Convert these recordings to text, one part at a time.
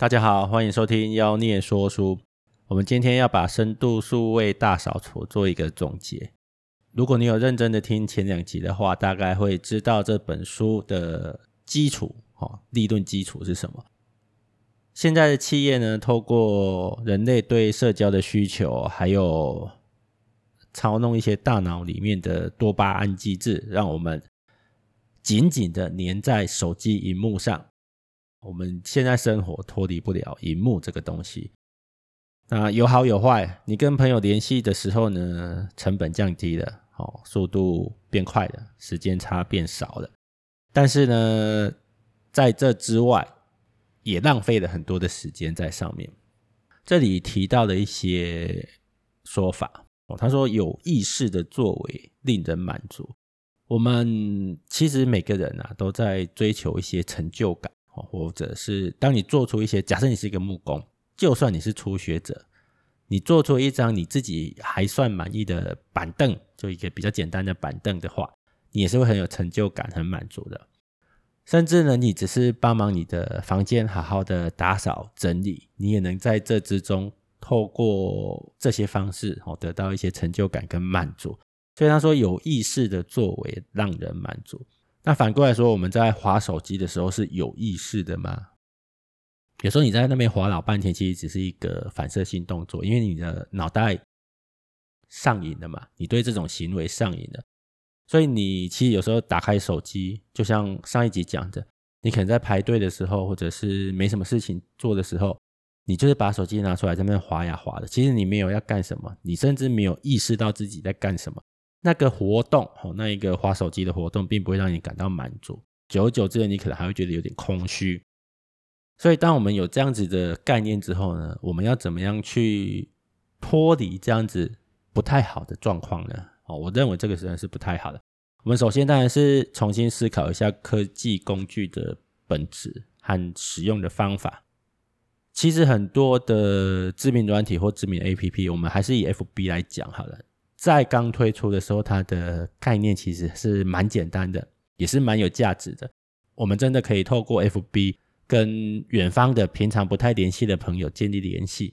大家好，歡迎收聽妖孽說書。我們今天要把深度數位大掃除做一個總結。如果你有認真的聽前兩集的話，大概會知道這本書的基礎哦，立論基礎是什麼。現在的企業呢，透過人類對社交的需求，還有操弄一些大腦裡面的多巴胺機制，讓我們緊緊的黏在手機螢幕上。我們現在生活脫離不了熒幕這個東西，那有好有壞。你跟朋友聯繫的時候呢，成本降低了，哦，速度變快了，時間差變少了。但是呢，在這之外，也浪費了很多的時間在上面。這裡提到了一些說法哦，他說有意識的作為令人滿足。我們其實每個人啊，都在追求一些成就感。或者是當你做出一些，假設你是一個木工，就算你是初學者，你做出一張你自己還算滿意的板凳，就一個比較簡單的板凳的話，你也是會很有成就感、很滿足的。甚至呢，你只是幫忙你的房間好好的打掃整理，你也能在這之中透過這些方式哦，得到一些成就感跟滿足。所以他說，有意識的作為讓人滿足。那反過來說，我們在滑手機的時候是有意識的嗎？有時候你在那邊滑老半天，其實只是一個反射性動作，因為你的腦袋上癮了嘛，你對這種行為上癮了，所以你其實有時候打開手機，就像上一集講的，你可能在排隊的時候，或者是沒什麼事情做的時候，你就是把手機拿出來在那邊滑呀滑的，其實你沒有要幹什麼，你甚至沒有意識到自己在幹什麼。那個活動，哦，那一個滑手機的活動，並不會讓你感到滿足。久而久之，你可能還會覺得有點空虛。所以，當我們有這樣子的概念之後呢，我們要怎麼樣去脫離這樣子不太好的狀況呢？哦，我認為這個實在是不太好的。我們首先當然是重新思考一下科技工具的本質和使用的方法。其實很多的知名軟體或知名 APP，我們還是以 FB 來講好了。在剛推出的時候，它的概念其實是蠻簡單的，也是蠻有價值的。我們真的可以透過 FB 跟遠方的平常不太聯繫的朋友建立聯繫，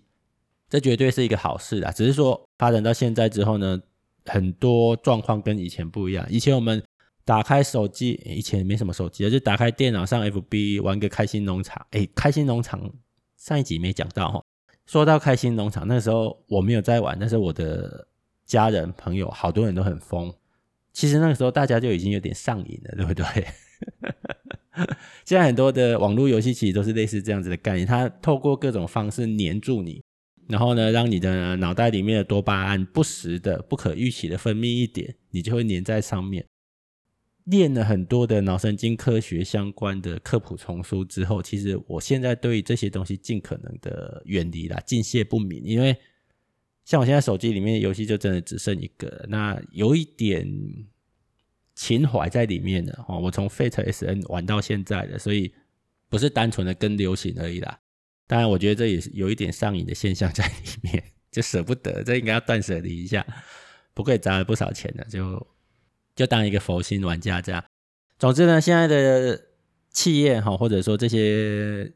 這絕對是一個好事啦。只是說發展到現在之後呢，很多狀況跟以前不一樣。以前我們打開手機、哎，以前沒什麼手機，就打開電腦上 FB 玩個開心農場。哎，開心農場上一集沒講到哦，說到開心農場，那時候我沒有在玩，但是我的。家人、朋友，好多人都很瘋。其實那個時候，大家就已經有點上癮了，對不對？ 現在很多的網絡遊戲其實都是類似這樣子的概念，它透過各種方式黏住你，然後呢，讓你的腦袋裡面的多巴胺不時的、不可預期的分泌一點，你就會黏在上面。練了很多的腦神經科學相關的科普叢書之後，其實我現在對於這些東西盡可能的遠離啦，敬謝不敏，因為。像我現在手機裡面的遊戲就真的只剩一個，那有一點情懷在裡面的哦。我從 Fate SN 玩到現在的，所以不是單純的跟流行而已啦。當然，我覺得這也是有一點上癮的現象在裡面，就舍不得，這應該要斷舍離一下。不過也砸了不少錢的，就就當一個佛心玩家這樣。總之呢，現在的企業哈，或者說這些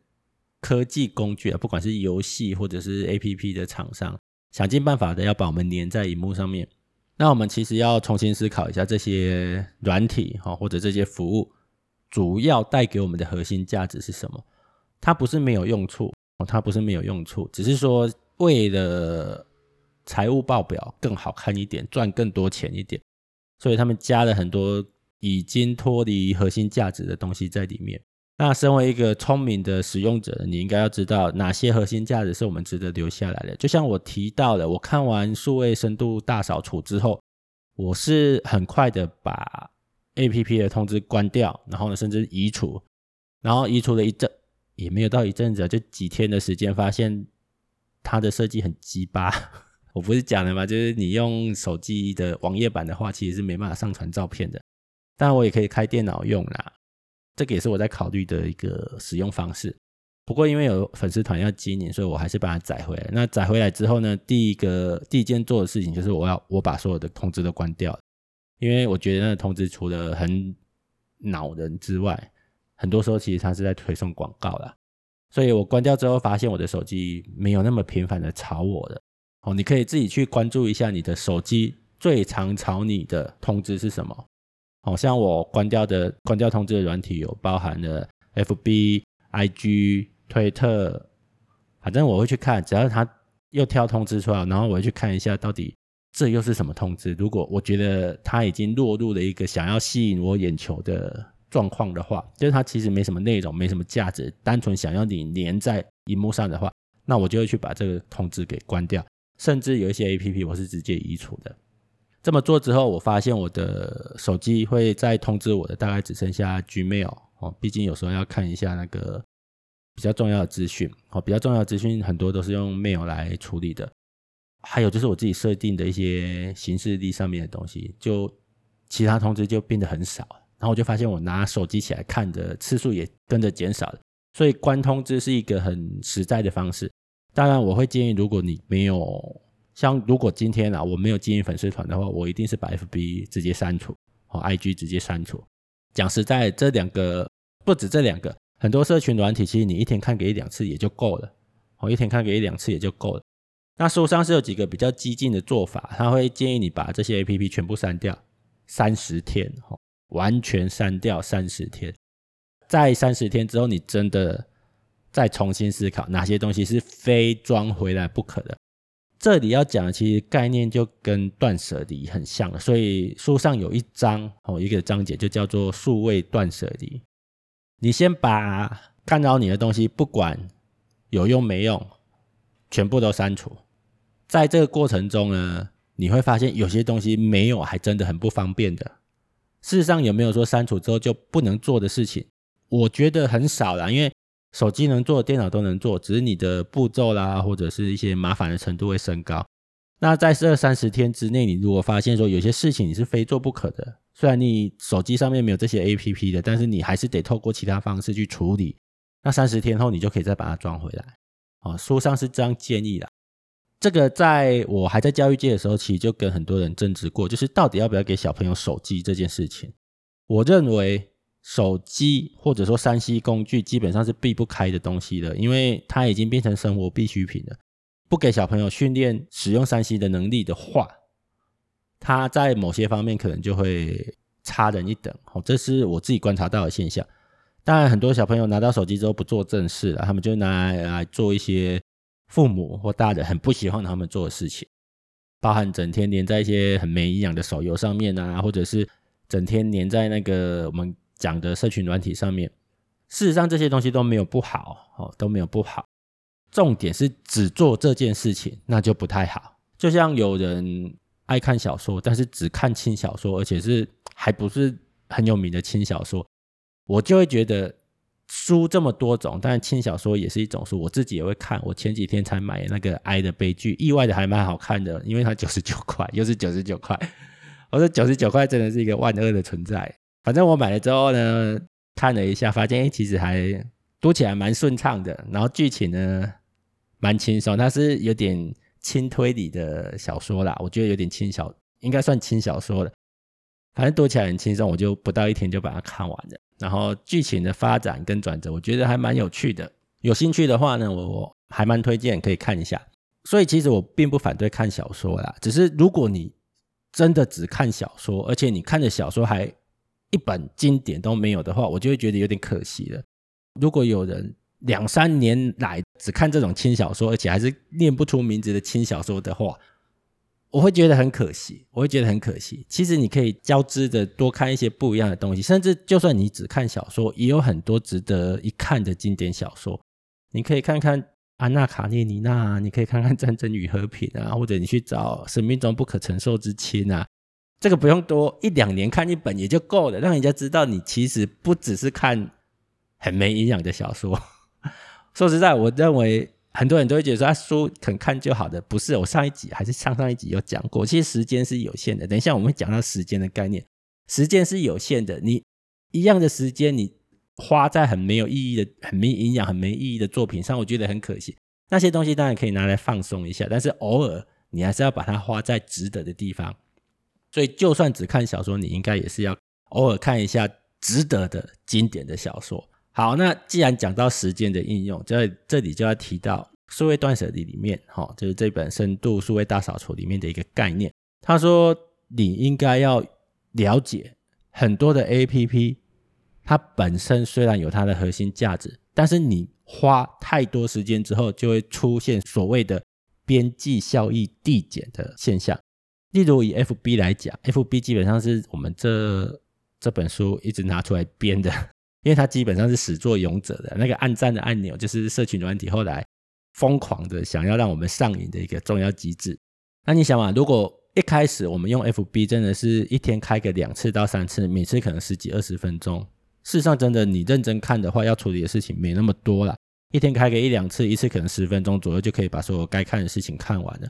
科技工具啊，不管是遊戲或者是 APP 的廠商，想盡辦法的要把我們黏在螢幕上面，那我們其實要重新思考一下這些軟體哈，或者這些服務，主要帶給我們的核心價值是什麼？它不是沒有用處，它不是沒有用處，只是說為了財務報表更好看一點，賺更多錢一點，所以他們加了很多已經脫離核心價值的東西在裡面。那身為一個聰明的使用者，你應該要知道哪些核心價值是我們值得留下來的。就像我提到的，我看完數位深度大掃除之後，我是很快的把 APP 的通知關掉，然後呢，甚至移除。然後移除了一陣，也沒有到一陣子啊，就幾天的時間，發現它的設計很雞巴。我不是講了嘛，就是你用手機的網頁版的話，其實是沒辦法上傳照片的。當然，我也可以開電腦用啦。這個也是我在考慮的一個使用方式，不過因為有粉絲團要接你，所以我還是把它載回來。那載回來之後呢，第一個第一件做的事情就是我要我把所有的通知都關掉，因為我覺得那個通知除了很惱人之外，很多時候其實它是在推送廣告啦。所以我關掉之後，發現我的手機沒有那麼頻繁的吵我了。哦，你可以自己去關注一下你的手機最常吵你的通知是什麼？哦，像我關掉的、關掉通知的軟體有包含了 FB IG、推特、反正我會去看，只要他又跳通知出來，然後我會去看一下到底這又是什麼通知。如果我覺得他已經落入了一個想要吸引我眼球的狀況的話，就是他其實沒什麼內容、沒什麼價值，單純想要你粘在熒幕上的話，那我就會去把這個通知給關掉，甚至有一些 APP 我是直接移除的。這麼做之後，我發現我的手機會再通知我的，大概只剩下 Gmail。畢竟有時候要看一下那個比較重要的資訊，比較重要的資訊很多都是用 Mail 來處理的。還有就是我自己設定的一些行事曆上面的東西，就其他通知就變得很少。然後我就發現我拿手機起來看的次數也跟着減少了，所以關通知是一個很實在的方式。當然，我會建議如果你沒有。像如果今天啊我沒有經營粉絲團的話，我一定是把 FB 直接刪除，哦，IG 直接刪除。講實在的，這兩個不止這兩個，很多社群軟體其實你一天看個一兩次也就夠了，哦，一天看個一兩次也就夠了。那書上是有幾個比較激進的做法，他會建議你把這些 APP 全部刪掉，三十天，吼、哦，完全刪掉三十天，在三十天之後，你真的再重新思考哪些東西是非裝回來不可的。這裡要講的其實概念就跟斷捨離很像，所以書上有一章哦，一個章節就叫做“數位斷捨離”。你先把看到你的東西，不管有用沒用，全部都刪除。在這個過程中呢，你會發現有些東西沒有還真的很不方便的。事實上，有沒有說刪除之後就不能做的事情？我覺得很少了，因為。手機能做，電腦都能做，只是你的步驟啦，或者是一些麻煩的程度會升高。那在這三十天之內，你如果發現說有些事情你是非做不可的，雖然你手機上面沒有這些 APP 的，但是你還是得透過其他方式去處理。那三十天後，你就可以再把它裝回來。哦，書上是這樣建議啦。這個在我還在教育界的時候，其實就跟很多人爭執過，就是到底要不要給小朋友手機這件事情。我認為。手機或者說 3C 工具基本上是避不開的東西的，因為它已經變成生活必需品了。不給小朋友訓練使用 3C 的能力的話，它在某些方面可能就會差人一等。哦，這是我自己觀察到的現象。當然，很多小朋友拿到手機之後不做正事了，他們就拿來做一些父母或大人很不喜歡他們做的事情，包含整天黏在一些很沒營養的手遊上面啊，或者是整天黏在那個我們。講的社群軟體上面，事實上這些東西都沒有不好哦，都沒有不好。重點是只做這件事情，那就不太好。就像有人愛看小說，但是只看輕小說，而且是還不是很有名的輕小說，我就會覺得書這麼多種，但是輕小說也是一種書，我自己也會看。我前幾天才買那個《愛的悲劇》，意外的還蠻好看的，因為它九十九塊，又是九十九塊。 我說九十九塊真的是一個萬惡的存在。反正我買了之後呢，看了一下，發現哎，其實還讀起來蠻順暢的。然後劇情呢，蠻輕鬆，它是有點輕推理的小說啦，我覺得有點輕小，應該算輕小說的。反正讀起來很輕鬆，我就不到一天就把它看完了。然後劇情的發展跟轉折，我覺得還蠻有趣的。有興趣的話呢，我，我還蠻推薦可以看一下。所以其實我並不反對看小說啦，只是如果你真的只看小說，而且你看的小說還一本經典都沒有的話，我就會覺得有點可惜了。如果有人兩三年來只看這種輕小說，而且還是念不出名字的輕小說的話，我會覺得很可惜。我會覺得很可惜。其實你可以交織的多看一些不一樣的東西，甚至就算你只看小說，也有很多值得一看的經典小說。你可以看看《安娜卡列尼娜》，你可以看看《戰爭與和平》啊，或者你去找《生命中不可承受之輕》啊。這個不用多，一兩年看一本也就夠了，讓人家知道你其實不只是看很沒營養的小說。 說實在，我認為很多人都會覺得說，啊，書肯看就好的，不是。我上一集還是上上一集有講過，其實時間是有限的。等一下我們會講到時間的概念，時間是有限的。你一樣的時間，你花在很沒有意義的、很沒營養、很沒意義的作品上，我覺得很可惜。那些東西當然可以拿來放鬆一下，但是偶爾你還是要把它花在值得的地方。所以，就算只看小說，你應該也是要偶爾看一下值得的經典的小說。好，那既然講到時間的應用，在這裡就要提到數位斷舍離裡，裡面，哈、哦，就是這本《深度數位大掃除》裡面的一個概念。他說，你應該要了解很多的 APP，它本身雖然有它的核心價值，但是你花太多時間之後，就會出現所謂的邊際效益遞減的現象。例如以 F B 來講，F B 基本上是我們這這本書一直拿出來編的，因為它基本上是始作俑者的那個按讚的按鈕，就是社群軟體後來瘋狂的想要讓我們上癮的一個重要機制。那你想嘛、啊，如果一開始我們用 F B 真的是一天開個兩次到三次，每次可能十幾二十分鐘，事實上真的你認真看的話，要處理的事情沒那麼多啦。一天開個一兩次，一次可能十分鐘左右，就可以把所有該看的事情看完了。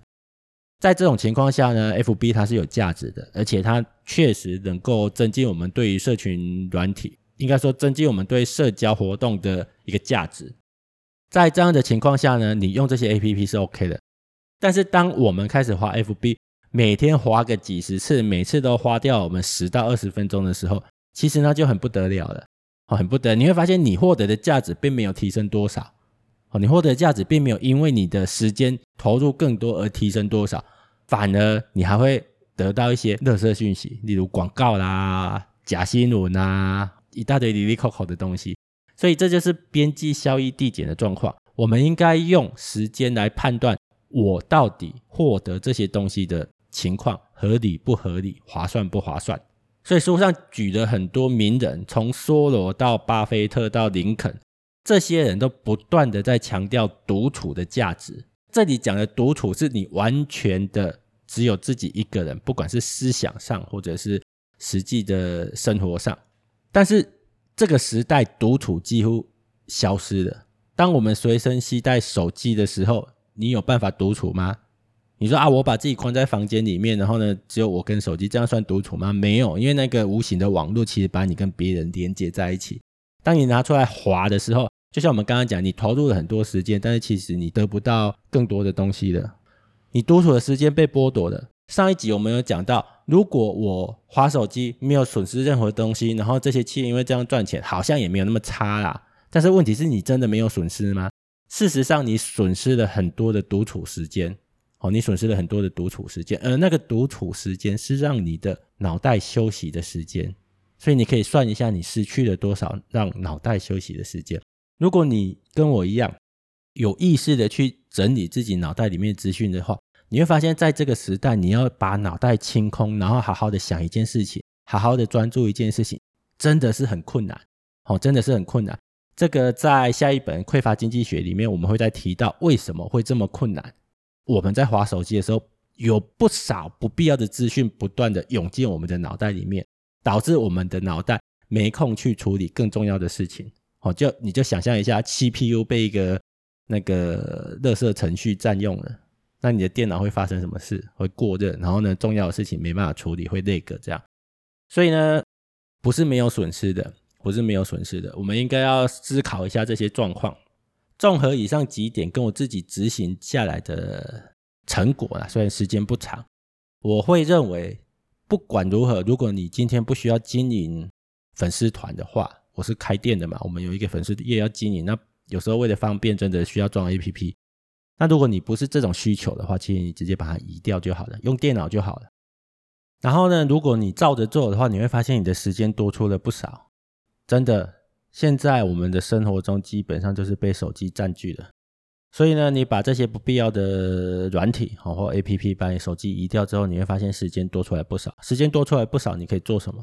在這種情況下呢，FB 它是有價值的，而且它確實能夠增進我們對於社群軟體，應該說增進我們對社交活動的一個價值。在這樣的情況下呢，你用這些 APP 是 OK 的。但是當我們開始花 FB 每天花個幾十次，每次都花掉我們十到二十分鐘的時候，其實那就很不得了了，哦，很不得。你會發現你獲得的價值並沒有提升多少。你獲得價值並沒有因為你的時間投入更多而提升多少，反而你還會得到一些垃圾訊息，例如廣告啦、假新聞啦、一大堆哩哩摳摳的東西。所以這就是邊際效益遞減的狀況。我們應該用時間來判斷我到底獲得這些東西的情況合理不合理、划算不划算。所以書上舉了很多名人，從梭羅到巴菲特到林肯。這些人都不斷地在強調獨處的價值。這裡講的獨處是你完全的只有自己一個人，不管是思想上或者是實際的生活上。但是這個時代獨處幾乎消失了。當我們隨身攜帶手機的時候，你有辦法獨處嗎？你說啊，我把自己關在房間裡面，然後呢，只有我跟手機，這樣算獨處嗎？沒有，因為那個無形的網絡其實把你跟別人連接在一起。當你拿出來滑的時候，就像我們剛剛講，你投入了很多時間，但是其實你得不到更多的東西了。你獨處的時間被剝奪了。上一集我們有講到，如果我滑手機，沒有損失任何東西，然後這些企業因為這樣賺錢，好像也沒有那麼差啦。但是問題是你真的沒有損失嗎？事實上，你損失了很多的獨處時間。哦，你損失了很多的獨處時間，而、呃、那個獨處時間是讓你的腦袋休息的時間，所以你可以算一下，你失去了多少讓腦袋休息的時間。如果你跟我一樣有意識的去整理自己腦袋裡面資訊的話，你會發現在這個時代，你要把腦袋清空，然後好好的想一件事情，好好的專注一件事情，真的是很困難，哦，真的是很困難。這個在下一本《匱乏經濟學》裡面，我們會再提到為什麼會這麼困難。我們在滑手機的時候，有不少不必要的資訊不斷地湧進我們的腦袋裡面，導致我們的腦袋沒空去處理更重要的事情。哦，就你就想象一下，CPU 被一個那個垃圾程序佔用了，那你的電腦會發生什麼事？會過熱，然後呢，重要的事情沒辦法處理，會 lag 這樣。所以呢，不是沒有損失的，不是沒有損失的。我們應該要思考一下這些狀況。綜合以上幾點，跟我自己執行下來的成果啊，雖然時間不長，我會認為，不管如何，如果你今天不需要經營粉絲團的話。我是開店的嘛，我們有一個粉絲頁要經營，那有時候為了方便，真的需要裝 APP。那如果你不是這種需求的話，其實你直接把它移掉就好了，用電腦就好了。然後呢，如果你照着做的話，你會發現你的時間多出了不少。真的，現在我們的生活中基本上就是被手機占據了。所以呢，你把這些不必要的軟體，好、哦、或 APP，把你手機移掉之後，你會發現時間多出來不少。時間多出來不少，你可以做什麼？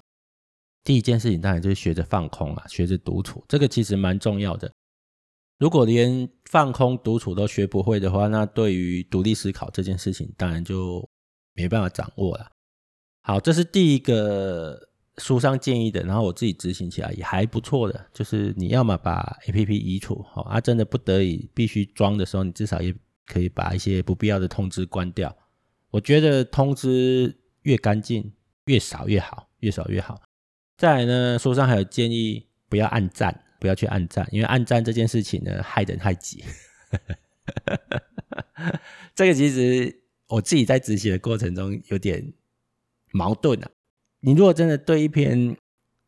第一件事情當然就是學着放空啊，學着獨處，這個其實蠻重要的。如果連放空、獨處都學不會的話，那對於獨立思考這件事情，當然就沒辦法掌握了。好，這是第一個書上建議的，然後我自己執行起來也還不錯的。就是你要麼把 APP 移除，好啊，真的不得已必須裝的時候，你至少也可以把一些不必要的通知關掉。我覺得通知越乾淨、越少越好，越少越好。再來呢，書上還有建議，不要按讚，不要去按讚，因為按讚這件事情呢，害人害己。 這個其實我自己在執行的過程中有點矛盾啊。你如果真的對一篇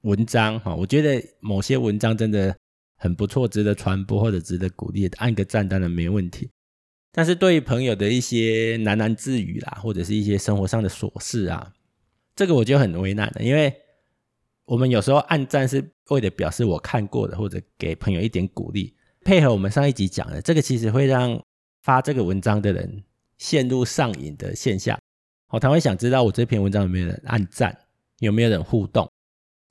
文章哈，我覺得某些文章真的很不錯，值得傳播或者值得鼓勵，按個讚當然沒問題。但是對於朋友的一些喃喃自語啦，或者是一些生活上的瑣事啊，這個我就很為難了，因為。我們有時候按讚是為了表示我看過的，或者給朋友一點鼓勵。配合我們上一集講的，這個其實會讓發這個文章的人陷入上癮的現象。哦，他會想知道我這篇文章有沒有人按讚，有沒有人互動，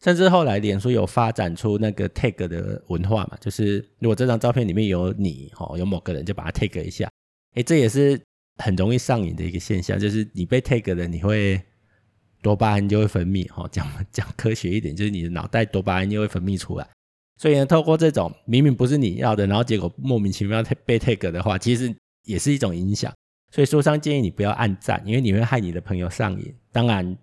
甚至後來臉書有發展出那個 tag 的文化嘛，就是如果這張照片裡面有你，哦，有某個人就把它 tag 一下。哎，這也是很容易上癮的一個現象，就是你被 tag 了，你會。多巴胺就會分泌，哦，講講科學一點，就是你的腦袋多巴胺就會分泌出來，所以呢，透過這種明明不是你要的，然後結果莫名其妙被被 tag 的話，其實也是一種影響。所以書商建議你不要按讚，因為你會害你的朋友上癮。當然，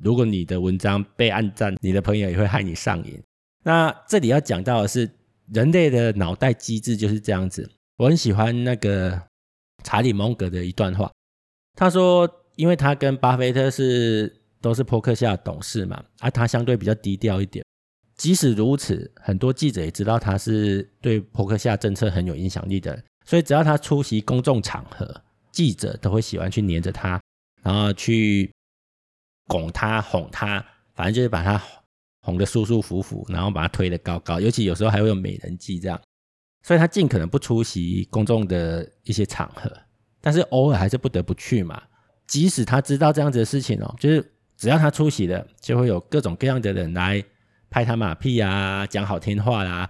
如果你的文章被按讚，你的朋友也會害你上癮。那這裡要講到的是，人類的腦袋機制就是這樣子。我很喜歡那個查理蒙格的一段話，他說，因為他跟巴菲特是。都是波克夏的董事嘛，而、啊、他相對比較低調一點。即使如此，很多記者也知道他是對波克夏政策很有影響力的，所以只要他出席公眾場合，記者都會喜歡去黏着他，然後去拱他、哄他，反正就是把他哄，哄得舒舒服服，然後把他推得高高。尤其有時候還會有美人計這樣，所以他盡可能不出席公眾的一些場合，但是偶爾還是不得不去嘛。即使他知道這樣子的事情哦，就是。只要他出席了，就會有各種各樣的人來拍他馬屁啊，講好聽話啦。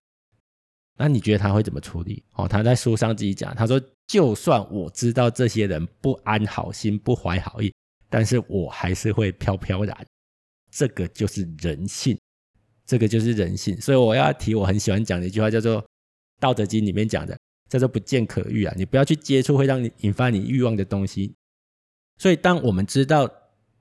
那你覺得他會怎麼處理？哦，他在書上自己講，他說：“就算我知道這些人不安好心、不懷好意，但是我還是會飄飄然。”這個就是人性，這個就是人性。所以我要提，我很喜歡講的一句話，叫做《道德經》裡面講的，叫做“不見可欲”啊，你不要去接觸會讓你引發你欲望的東西。所以，當我們知道。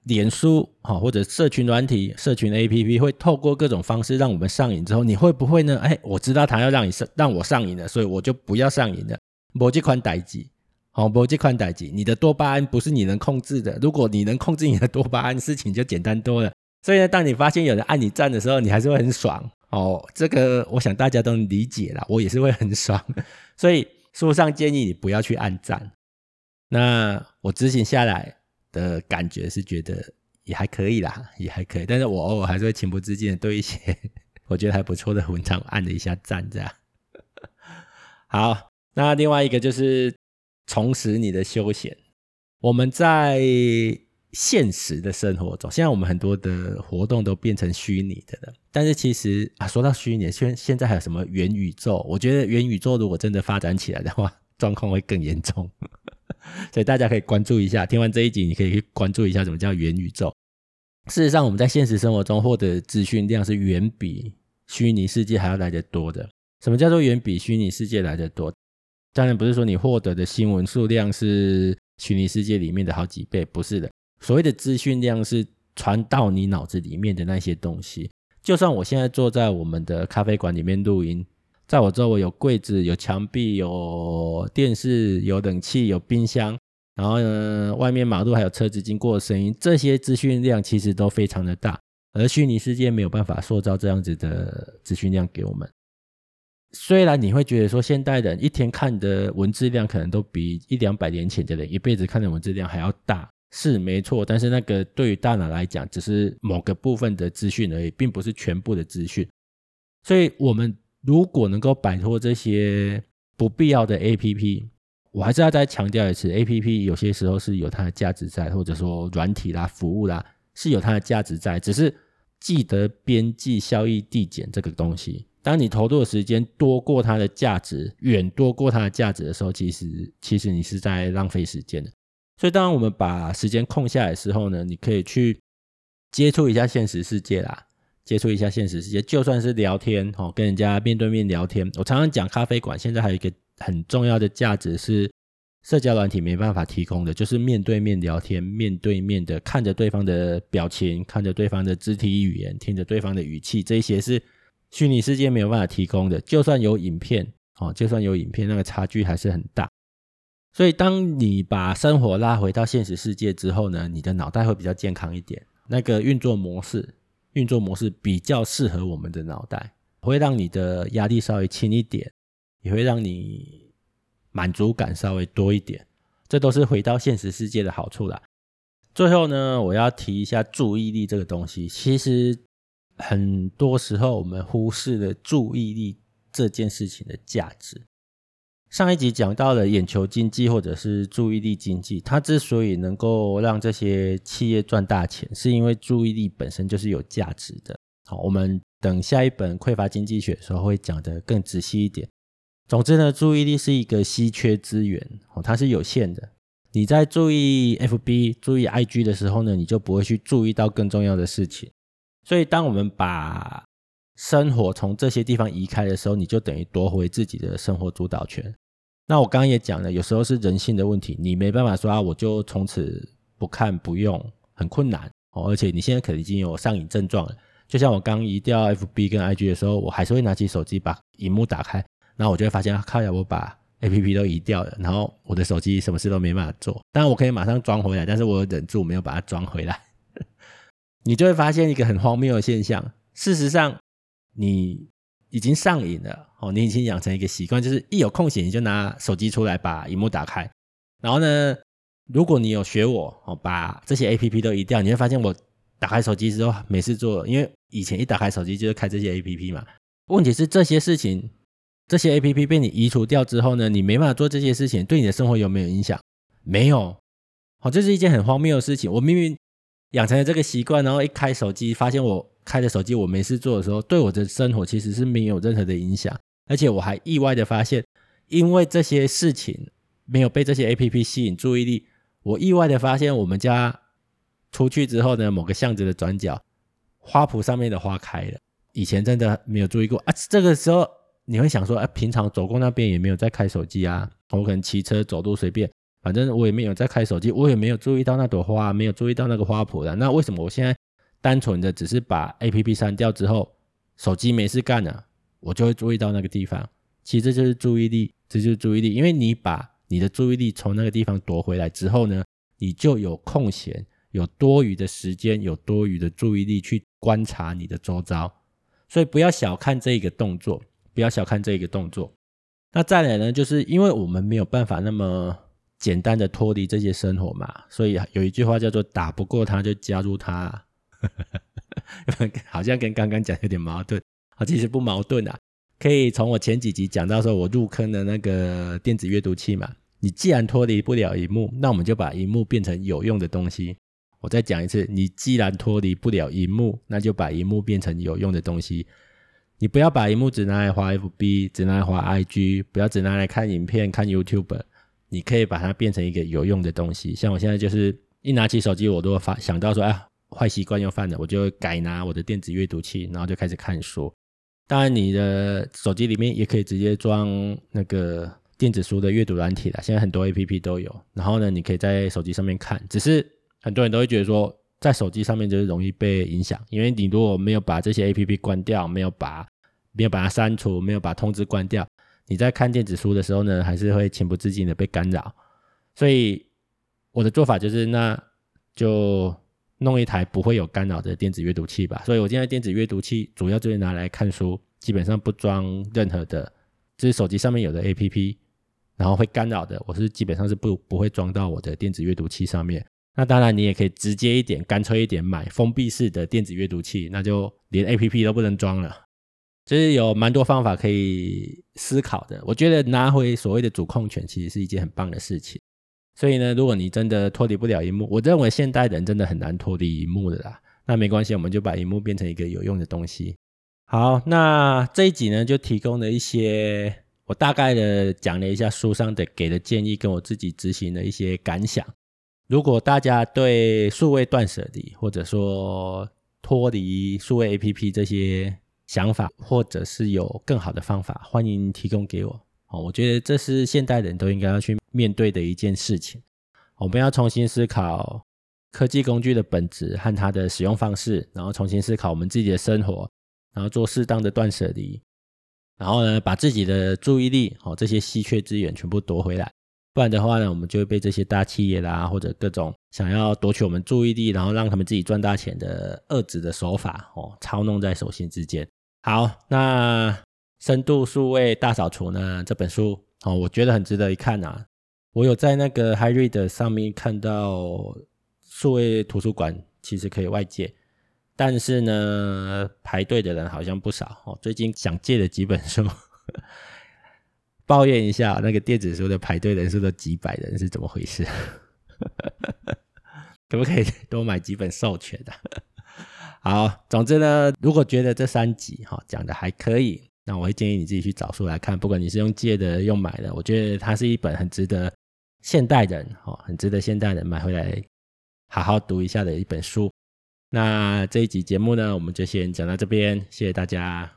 臉書啊，或者社群軟體、社群 APP 會透過各種方式讓我們上癮之後，你會不會呢？哎，我知道他要讓你上讓我上癮了，所以我就不要上癮了。無這款代誌，好，哦，無這款代誌，你的多巴胺不是你能控制的。如果你能控制你的多巴胺，事情就簡單多了。所以呢，當你發現有人按你讚的時候，你還是會很爽哦。這個我想大家都理解了，我也是會很爽。所以書上建議你不要去按讚。那我執行下來，的感覺是覺得也還可以啦，也還可以，但是我偶爾還是會情不自禁的對一些我覺得還不錯的文章按了一下贊，這樣。好，那另外一個就是重拾你的休閒。我們在現實的生活中，現在我們很多的活動都變成虛擬的了。但是其實啊，說到虛擬，現現在還有什麼元宇宙？我覺得元宇宙如果真的發展起來的話，狀況會更嚴重。所以大家可以關注一下，聽完這一集，你可以去關注一下什麼叫元宇宙。事實上，我們在現實生活中獲得的資訊量是遠比虛擬世界還要來得多的。什麼叫做遠比虛擬世界來得多？當然不是說你獲得的新聞數量是虛擬世界裡面的好幾倍，不是的。所謂的資訊量是傳到你腦子裡面的那些東西。就算我現在坐在我們的咖啡館裡面錄音。在我周圍有櫃子、有牆壁、有電視、有冷氣、有冰箱，然後呢，外面馬路還有車子經過的聲音，這些資訊量其實都非常的大。而虛擬世界沒有辦法塑造這樣子的資訊量給我們。雖然你會覺得說，現代人一天看的文字量可能都比一兩百年前的人一輩子看的文字量還要大，是沒錯。但是那個對於大腦來講，只是某個部分的資訊而已，並不是全部的資訊。所以我們。如果能夠擺脫這些不必要的 APP，我還是要再強調一次，APP 有些時候是有它的價值在，或者說軟體啦、服務啦是有它的價值在，只是記得邊際效益遞減這個東西。當你投入的時間多過它的價值，遠多過它的價值的時候，其實其實你是在浪費時間的。所以，當我們把時間空下來的時候呢，你可以去接觸一下現實世界啦。接觸一下現實世界，就算是聊天哦，跟人家面對面聊天。我常常講咖啡館，現在還有一個很重要的價值是社交軟體沒辦法提供的，就是面對面聊天，面對面的看着對方的表情，看着對方的肢體語言，聽着對方的語氣，這一些是虛擬世界沒有辦法提供的。就算有影片哦，就算有影片，那個差距還是很大。所以，當你把生活拉回到現實世界之後呢，你的腦袋會比較健康一點，那個運作模式。運作模式比較適合我們的腦袋，會讓你的壓力稍微輕一點，也會讓你滿足感稍微多一點。這都是回到現實世界的好處啦。最後呢，我要提一下注意力這個東西，其實很多時候我們忽視了注意力這件事情的價值。上一集講到了眼球經濟或者是注意力經濟，它之所以能夠讓這些企業賺大錢，是因為注意力本身就是有價值的。好，我們等下一本《匱乏經濟學》的時候會講得更仔細一點。總之呢，注意力是一個稀缺資源，哦，它是有限的。你在注意 FB、注意 IG 的時候呢，你就不會去注意到更重要的事情。所以，當我們把生活從這些地方移開的時候，你就等於奪回自己的生活主導權。那我剛剛也講了，有時候是人性的問題，你沒辦法說啊，我就從此不看不用，很困難哦。而且你現在可能已經有上癮症狀了。就像我剛移掉 FB 跟 IG 的時候，我還是會拿起手機把熒幕打開，然後我就會發現，靠，我把 APP 都移掉了，然後我的手機什麼事都沒辦法做。當然我可以馬上裝回來，但是我忍住沒有把它裝回來。 你就會發現一個很荒謬的現象，事實上你。已經上癮了哦，你已經養成一個習慣，就是一有空閒你就拿手機出來把熒幕打開。然後呢，如果你有學我哦，把這些 APP 都移掉，你會發現我打開手機之後沒事做，因為以前一打開手機就是開這些 APP 嘛。問題是這些事情，這些 APP 被你移除掉之後呢，你沒辦法做這些事情，對你的生活有沒有影響？沒有。好，這是一件很荒謬的事情。我明明養成了這個習慣，然後一開手機發現我。開着手機，我沒事做的時候，對我的生活其實是沒有任何的影響，而且我還意外的發現，因為這些事情沒有被這些 APP 吸引注意力，我意外的發現我們家出去之後呢，某個巷子的轉角花圃上面的花開了，以前真的沒有注意過啊。這個時候你會想說，哎，平常走過那邊也沒有在開手機啊，我可能騎車、走路隨便，反正我也沒有在開手機，我也沒有注意到那朵花，沒有注意到那個花圃的、啊，那為什麼我現在？單純的只是把 APP 刪掉之後，手機沒事幹了啊，我就會注意到那個地方。其實這就是注意力，這就是注意力。因為你把你的注意力從那個地方奪回來之後呢，你就有空閒、有多餘的時間、有多餘的注意力去觀察你的周遭。所以不要小看這一個動作，不要小看這一個動作。那再來呢，就是因為我們沒有辦法那麼簡單的脫離這些生活嘛，所以有一句話叫做“打不過他就加入他”。 好像跟剛剛講有點矛盾，好，其實不矛盾啊。可以從我前幾集講到說，我入坑的那個電子閱讀器嘛。你既然脫離不了熒幕，那我們就把熒幕變成有用的東西。我再講一次，你既然脫離不了熒幕，那就把熒幕變成有用的東西。你不要把熒幕只拿來滑 FB，只拿來滑 IG，不要只拿來看影片、看 YouTube。你可以把它變成一個有用的東西。像我現在就是一拿起手機，我都發想到說，哎、啊。壞習慣又犯了，我就改拿我的電子閱讀器，然後就開始看書。當然，你的手機裡面也可以直接裝那個電子書的閱讀軟體啦。現在很多 APP 都有，然後呢，你可以在手機上面看。只是很多人都會覺得說，在手機上面就是容易被影響，因為你如果沒有把這些 APP 關掉，沒有把沒有把它刪除，沒有把通知關掉，你在看電子書的時候呢，還是會情不自禁的被干擾。所以我的做法就是那，那就。弄一台不會有干擾的電子閱讀器吧，所以我現在電子閱讀器主要就是拿來看書，基本上不裝任何的，就是手機上面有的 APP，然後會干擾的，我是基本上是不不會裝到我的電子閱讀器上面。那當然你也可以直接一點、乾脆一點買封閉式的電子閱讀器，那就連 APP 都不能裝了。其、就是有蠻多方法可以思考的，我覺得拿回所謂的主控權其實是一件很棒的事情。所以呢，如果你真的脫離不了熒幕，我認為現代人真的很難脫離熒幕的啦。那沒關係，我們就把熒幕變成一個有用的東西。好，那這一集呢，就提供了一些我大概的講了一下書上的給的建議，跟我自己執行的一些感想。如果大家對數位斷捨離，或者說脫離數位 APP 這些想法，或者是有更好的方法，歡迎提供給我。哦，我覺得這是現代人都應該要去。面對的一件事情，我們要重新思考科技工具的本質和它的使用方式，然後重新思考我們自己的生活，然後做適當的斷捨離，然後呢，把自己的注意力，哦，這些稀缺資源全部奪回來，不然的話呢，我們就會被這些大企業啦或者各種想要奪取我們注意力，然後讓他們自己賺大錢的惡質的手法，哦，操弄在手心之間。好，那《深度數位大掃除呢》呢，這本書，哦，我覺得很值得一看啊。我有在那個 Hi 瑞的上面看到，數位圖書館其實可以外借，但是呢，排隊的人好像不少哦。最近想借的幾本書， 抱怨一下，那個電子書的排隊人數都幾百人，是怎麼回事？ 可不可以多買幾本授權的，啊？好，總之呢，如果覺得這三集哈、哦、講的還可以，那我會建議你自己去找書來看，不管你是用借的用買的，我覺得它是一本很值得現代人，哦，很值得現代人買回來好好讀一下的一本書。那這一集節目呢，我們就先講到這邊，謝謝大家。